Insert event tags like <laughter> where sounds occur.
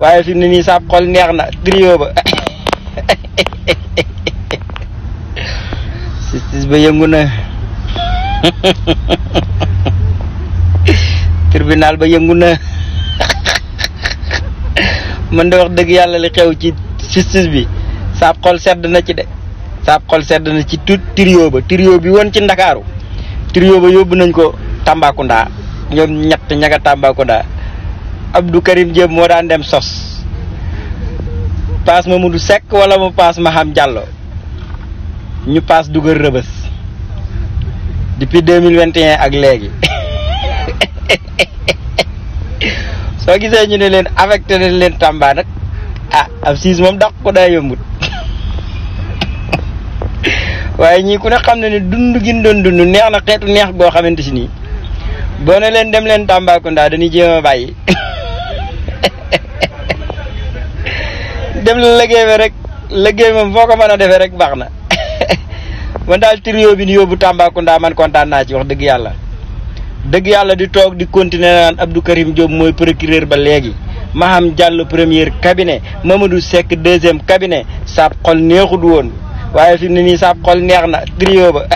waye fi ni ne sa xol neexna trio ba justice ba yenguna tribunal ba yenguna man de wax deug yalla li xew ci justice bi saab xol sedd na ci de saab xol sedd na ci tout trio ba trio bi won ci dakaru trio ba yóbbu nañ ko tambakunda ñom ñatt ñaga tambakunda Abdou Karim Diop mo daan dem sos pas Mamadou sek wala pass ma Maham jalo, ñu pass dugal rebeus depuis 2021 ak léegi so <laughs> gisé ñu ne len affecté nañ len Tamba nak ah am siis mom dak ko da yombut <laughs> waye ñi ku ne xam na ni dund gi ndon dund neex na xeetu neex goo xamanteni si ne len dem leen Tambacounda dañuy jéem a <laughs> dem liggéey bi rek liggéey moom foo ko mën a defee rek baax na <laughs> man daal trio bi ñu yóbbu Tambacounda man kontaan naa ci wax dëgg yàlla. dëgg yàlla di toog di continuer naan Abdou Karim Diop mooy procureur ba léegi Maham jàll premier cabinet Mamadou Seck deuxième cabinet saab xol neexut woon waaye fi ne nii saab xol neex na trio ba. <laughs>